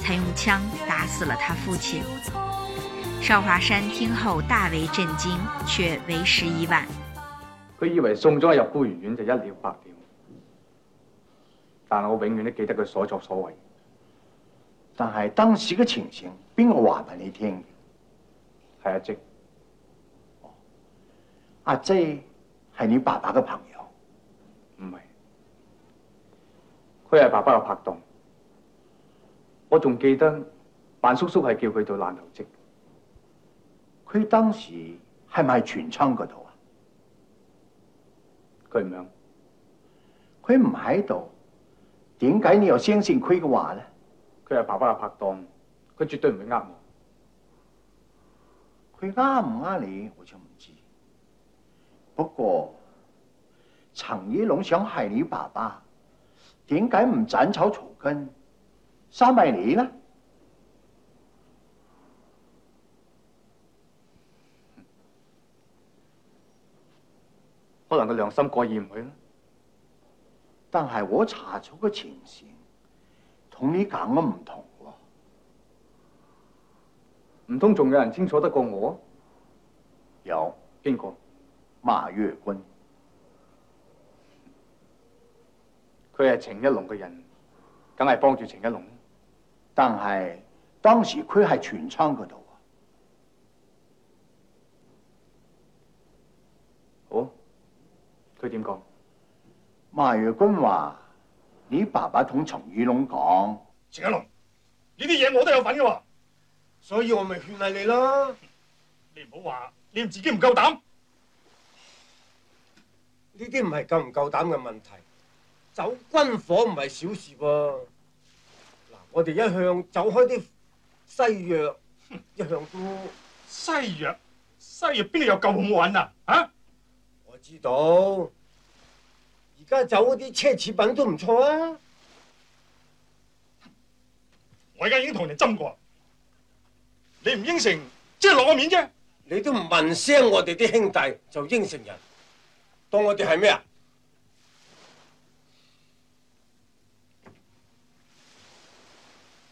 才用槍打死了他父親。邵華山聽後大為震驚，卻為時已晚。佢以為送咗入孤兒院就一了百了，但我永遠都記得佢所作所為。但係當時嘅情形，邊個話俾你聽？係阿姐，阿姐係你爸爸嘅朋友，唔係，佢係爸爸嘅拍檔。我仲記得萬叔叔係叫佢做爛頭積，佢當時係咪喺全倉嗰度啊？佢唔樣，佢唔喺度，點解你又相信佢嘅話咧？佢係爸爸嘅拍檔，佢絕對唔會呃我。佢呃唔呃你，我真唔知道。不過陳依龍想害你爸爸，點解唔斬草除根？三百年啦，可能佢良心過意唔去啦。但係我查咗個情形，同你講嘅唔同，唔通仲有人清楚得過我？有，邊個？馬月君，佢係程一龍嘅人，梗係幫住程一龍。但係當時佢喺全倉嗰度啊！哦，佢點講？馬如君話：你爸爸同陳宇龍講，陳宇龍，呢啲嘢，我都有份嘅，所以我咪勸勵你囉。你唔好話你自己唔夠膽，呢啲唔係夠唔夠膽嘅問題，走軍火唔係小事喎。我哋一向走開啲西藥，一向都西藥，西藥邊度有夠好搵啊？啊！我知道，而家走嗰啲奢侈品都唔錯啊！我而家已經同人斟過了，你唔應承，即係落個面啫。你都唔問聲我哋啲兄弟就應承人，當我哋係咩啊？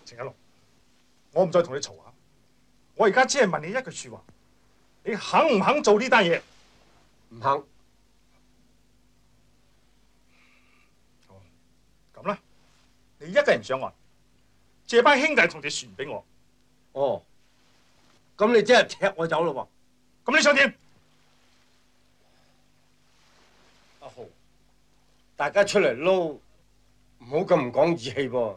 程家龍，我唔再同你嘈啊！我而家只係問你一句說話，你肯唔肯做呢單嘢？唔肯。咁啦，你一個人上岸，借班兄弟同隻船畀我？哦，咁你即係踢我走咯？噉你想點？阿、啊、豪，大家出嚟撈，唔好咁唔講義氣噃。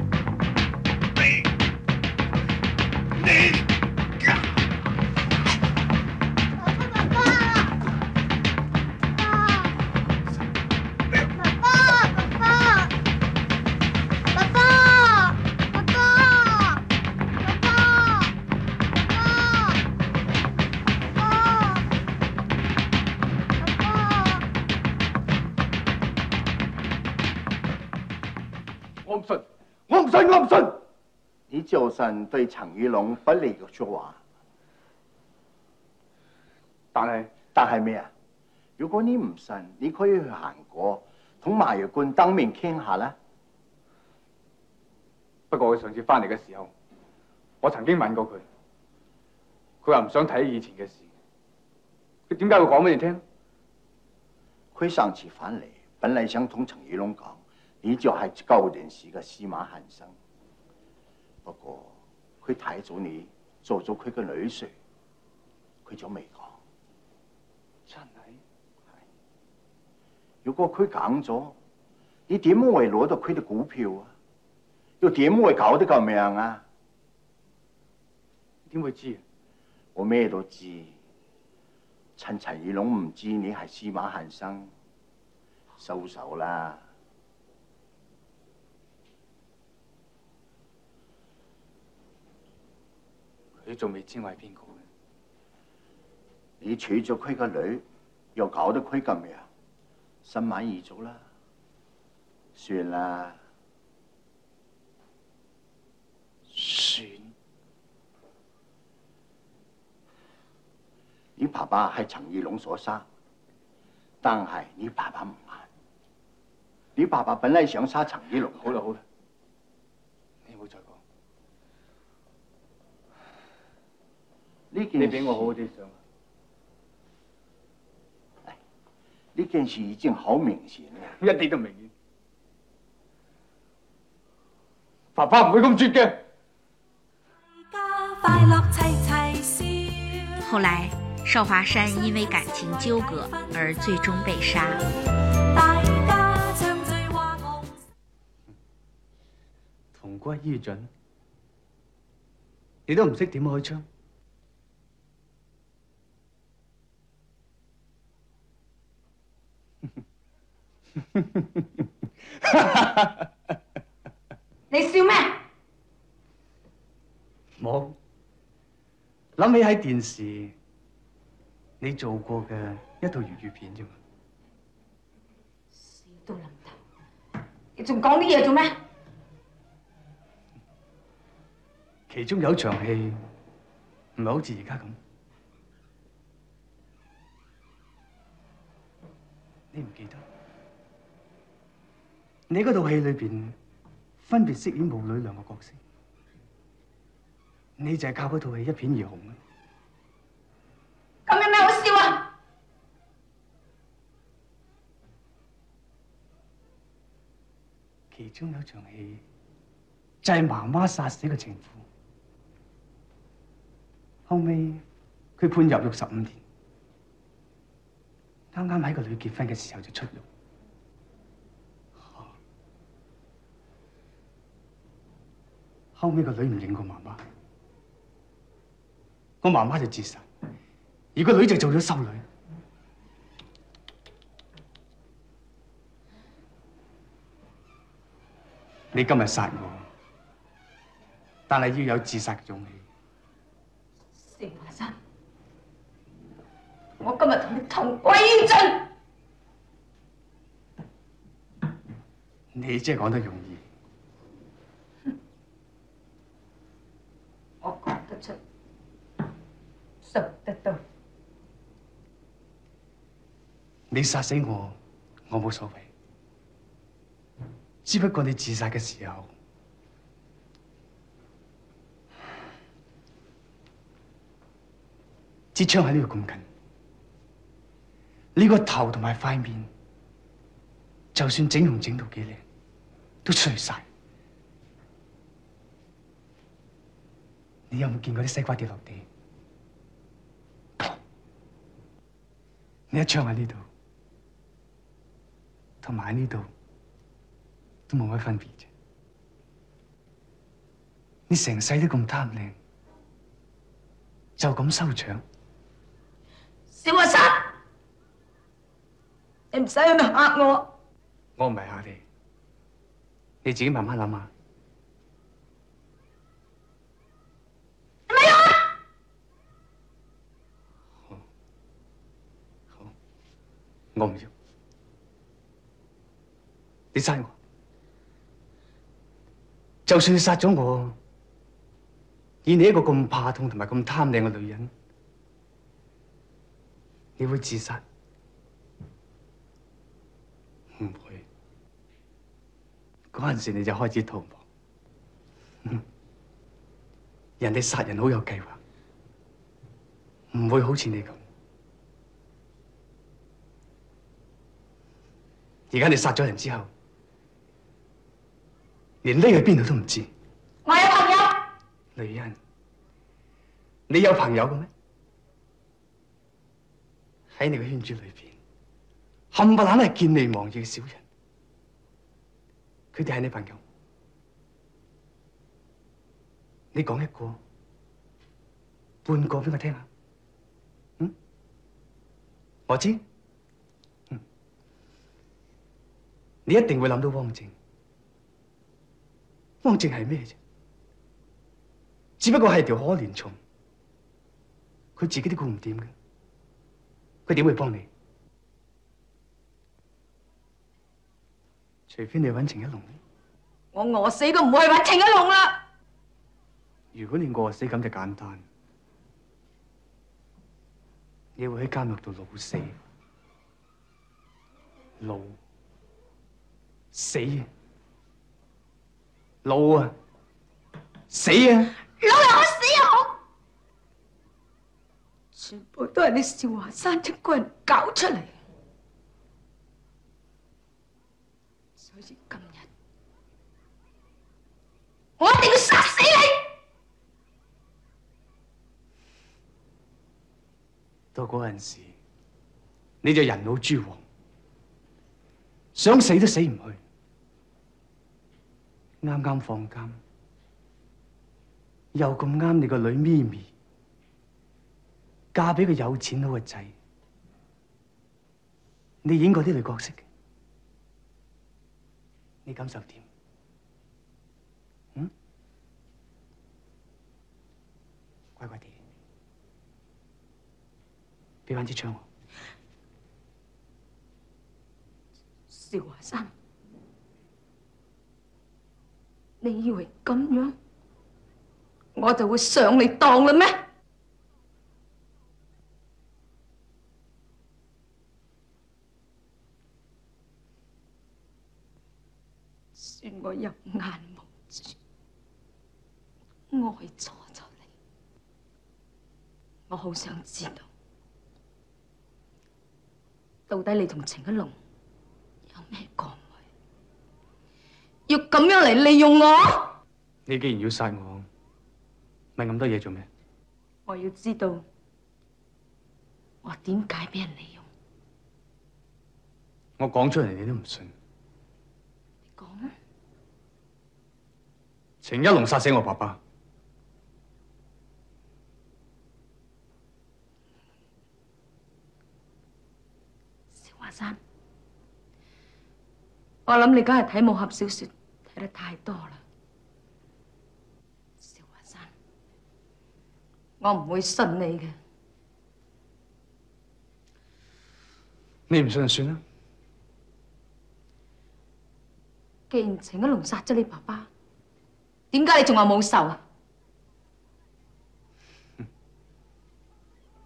就神對陳宇龍不利嘅說話，但係但係咩啊？如果你唔信，你可以去行過同馬如冠當面傾下啦。不過佢上次翻嚟嘅時候，我曾經問過佢，佢話唔想睇以前嘅事。佢點解會講俾你聽？佢上次翻嚟，本嚟想同陳宇龍講，你就係舊陣時嘅司馬恨生。不過佢睇咗你做咗佢嘅女婿，佢就未講。真係。如果佢講咗，你點會攞到佢嘅股票啊？又點會搞得咁樣啊？點會知？我咩都知。趁陳二龍唔知你係司馬後生，收手啦。你仲未知係邊個？你娶咗佢個女，又搞得佢咁樣，心滿意足啦。算啦，算。你爸爸係陳義龍所殺，但係你爸爸唔係。你爸爸本來想殺陳義龍，好啦，好啦。呢件你俾我好好啲想，呢件事已經好明顯啦，一啲都明顯，爸爸唔會咁絕嘅。後來，邵華山因為感情糾葛而最終被殺。大家唱醉話同同歸於盡，你都唔識點開槍。 你笑咩？我諗起喺電視裡你做過嘅一套粵語片啫嘛，笑到淋頭，你仲講啲嘢做咩？其中有場戲唔係好似而家咁，你唔記得？你嗰套戲裏面分別飾演母女兩個角色，你就係靠嗰套戲一片而紅嘅。咁有咩好笑啊？其中有場戲就係媽媽殺死個情婦，後尾佢判入獄十五年，啱啱喺個女結婚嘅時候就出獄。後尾個女唔認過個媽媽，個媽媽就自殺，而個女就做咗修女。你今日殺我，但係要有自殺嘅勇氣。謝華山，我今日同你同歸於盡。你即係講得容易。做得到，你殺死我，我冇所謂。只不過你自殺嘅時候，支槍喺呢度咁近，你個頭同埋塊面，就算整容整到幾靚，都碎晒。你有冇見過啲西瓜跌落地？你一唱喺呢度，同埋喺呢度都冇乜分別。你成世都咁貪靚，就咁收場？小阿三，你唔使喺度嚇我。我唔係嚇你，你自己慢慢諗下。我唔要，你殺我，就算你殺咗我，以你一個咁怕痛同埋咁貪靚嘅女人，你會自殺？唔會。嗰陣時你就開始逃亡人殺人。人哋殺人好有計劃，唔會好似你咁。而家你殺咗人之後，連匿喺邊度都唔知。我有朋友。雷恩，你有朋友嘅咩？喺你個圈子裏邊，冚唪唥係見利忘義嘅小人。佢哋係你朋友？你講一個、半個俾我聽下。嗯，我知。你一定會諗到汪靜，汪靜係咩啫？只不過係條可憐蟲，佢自己都顧唔掂嘅，佢點會幫你？除非你揾程一龍。我餓死都唔會揾程一龍啦！如果你餓死咁就簡單，你會喺監獄度老死老。死啊！老啊！死啊！老又好，死又好，全部都係你少華山一棍搞出嚟，所以今日我一定要殺死你。到嗰陣時，你就人老珠黃。想死都死唔去，啱啱放監，又咁啱你個女兒咪咪嫁俾個有錢佬個仔，你演過嗰啲女角色，你感受點？嗯，乖乖哋，畀返支槍我。趙華生，你以為咁樣我就會上你當啦咩？算我有眼無珠，愛錯咗你，我好想知道，到底你同程一龍？有咩講？要咁樣嚟利用我？你既然要殺我，問咁多嘢做咩？我要知道我點解俾人利用。我講出嚟你都唔信。你講吖。程一龍殺死我爸爸。小華生。我諗你梗係睇武俠小說睇得太多啦，小華山，我唔會信你嘅。你唔信就算啦。既然程一龍殺咗你爸爸，點解你仲話冇仇啊？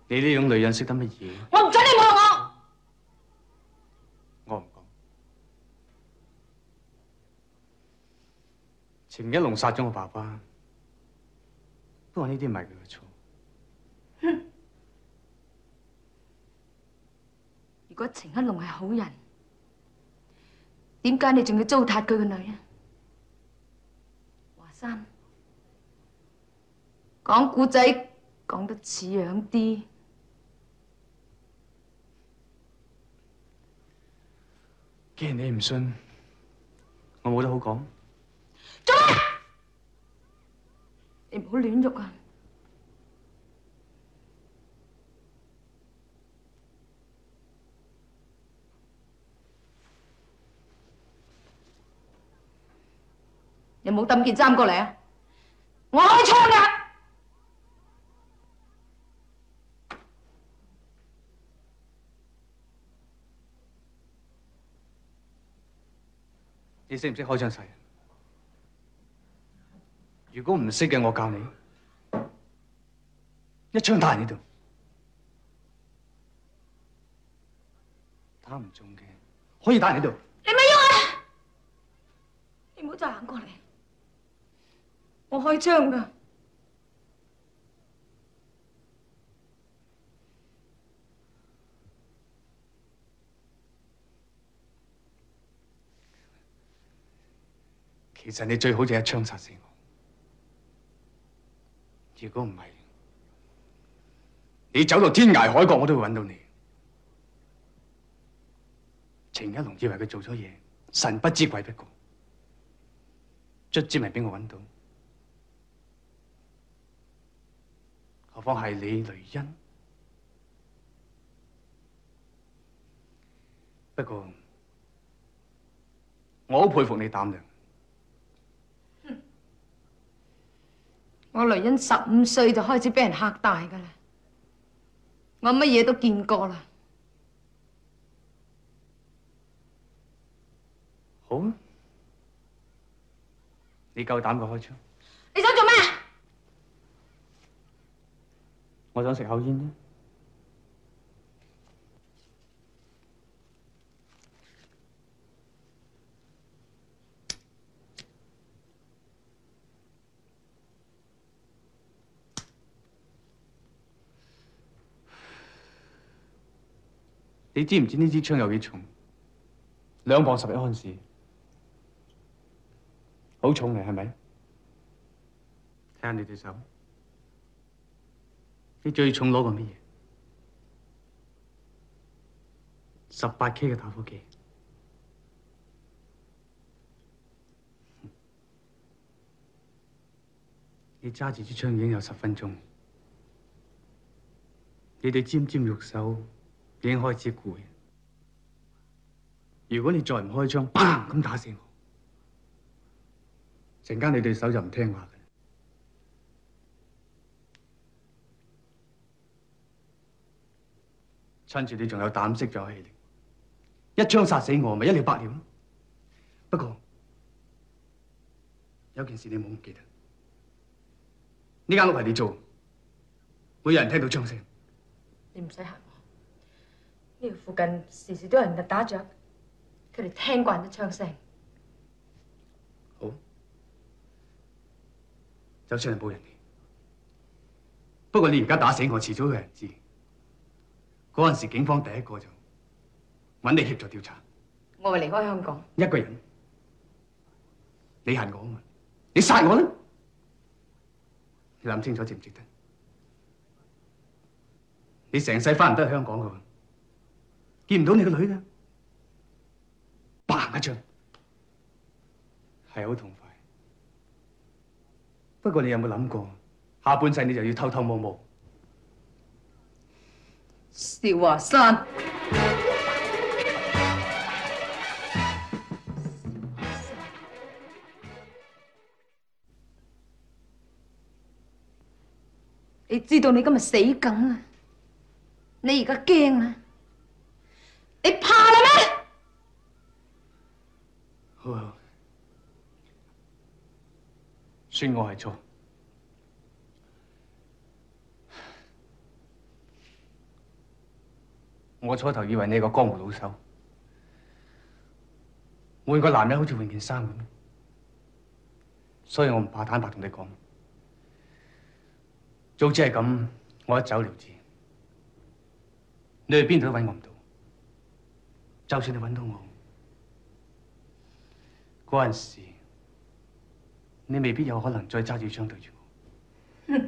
你呢種女人識得乜嘢？我唔想你侮辱我！程一龍殺咗我爸爸，不過呢啲唔係佢嘅錯。哼，如果程一龍係好人，點解你仲要糟蹋佢嘅女啊？華山，講古仔講得似樣啲。既然你唔信，我冇得好講。做乜？你唔好亂喐啊！有冇抌件衫過嚟啊！我開窗嘅，你識唔識開窗細？如果唔識嘅，我教你一槍打人呢度，打唔中嘅可以打人呢度。你咪喐啊！你唔好再行過嚟，我開槍噶。其實你最好就一槍殺死我。如果唔係，你走到天涯海角，我都會揾到你。程一龍以為佢做咗嘢，神不知鬼不覺，卒之咪俾我揾到。何況係你雷恩。不過，我好佩服你膽量。我雷恩十五歲就開始畀人嚇大噶啦，我乜嘢都見過啦。好啊，你夠膽就開槍？你想做咩？我想食口煙。你知唔知呢支槍有幾重？兩磅十一安士，好重嘅係咪？睇下你隻手，你最重攞過咩嘢？十八 K 嘅打火機。你揸住支槍已經有十分鐘，你對尖尖玉手，已經開始攰。如果你再唔開槍，咁打死我，陣間你對手就唔聽話嘅。趁住你仲有膽識，積咗氣力，一槍殺死我咪一了百了。不過有件事你冇唔記得，呢間屋係你做，會有人聽到槍聲。你唔使嚇我附近時時都有人打雀，佢哋聽慣咗槍聲。好，就算係冇人嚟，不過你而家打死我，遲早有人知。嗰陣時警方第一個就搵你協助調查。我咪離開香港，一個人。你恨我啊嘛？你殺我啦？你諗清楚值唔值得？你成世翻唔得去香港噶。見唔到你個女嘅，白行一仗，係好痛快。不過你有冇諗過，下半世你就要偷偷摸摸。少華山，你知道你今日死梗啊！你而家驚啦。你怕啦咩？好，算我係錯。我初頭以為你係個江湖老手，換個男人好似換件衫咁，所以我唔怕坦白同你講。早知係咁，我一走了之，你去邊度都搵我唔到。就算你揾到我，嗰陣時你未必有可能再揸住槍對住我你。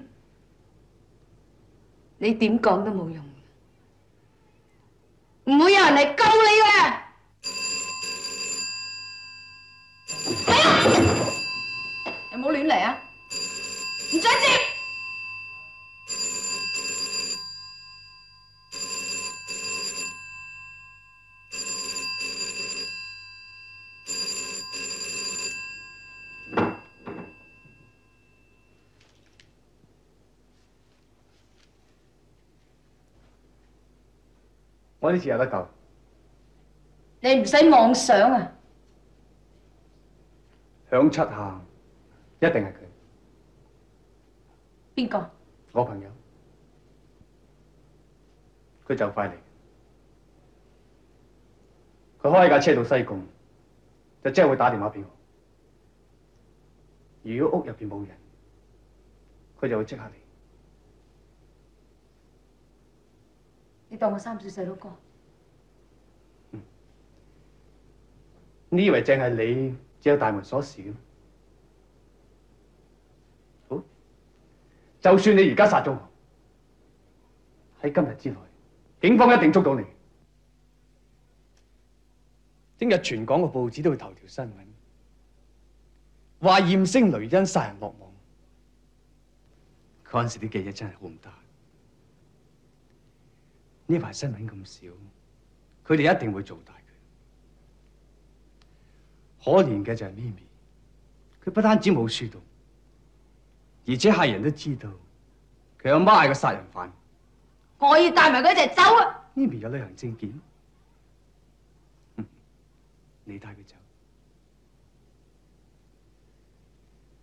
你點講都冇用，唔會有人嚟救你嘅、啊。俾我！有冇亂嚟啊？唔準接！我呢次有得救，你唔使妄想啊！響七下，一定係佢。邊個？我朋友，佢就快嚟。佢開架車到西貢，就即係會打電話俾我。如果屋入邊冇人，佢就會即刻嚟。你當我三歲細佬哥？嗯，你以為淨係你只有大門鎖匙嘅咩？好，就算你而家殺咗我，喺今日之內，警方一定捉到你。聽日全港嘅報紙都會頭條新聞，話艷星雷恩殺人落網。嗰陣時啲記憶真係好唔大。呢排新聞咁少，佢哋一定會做大。佢可憐嘅就係咪咪，佢不單止冇書讀，而且客人都知道佢阿媽係個殺人犯帶。我要帶埋佢一齊走啊！咪咪有旅行證件，你帶佢走，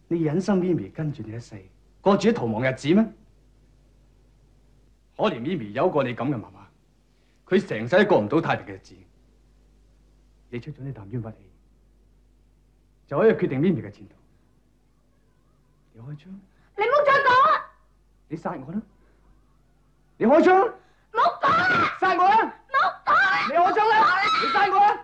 你忍心咪咪跟住你一世過住啲逃亡日子咩？可憐咪咪有個你咁嘅媽媽，佢成世都過唔到太平嘅日子。你出咗呢啖冤屈氣，就可以決定咪咪嘅前途。你開槍！你唔好再講。你殺我啦！你開槍！唔好講啦！殺我啦！唔好講啦！你開槍啦！你殺我啦！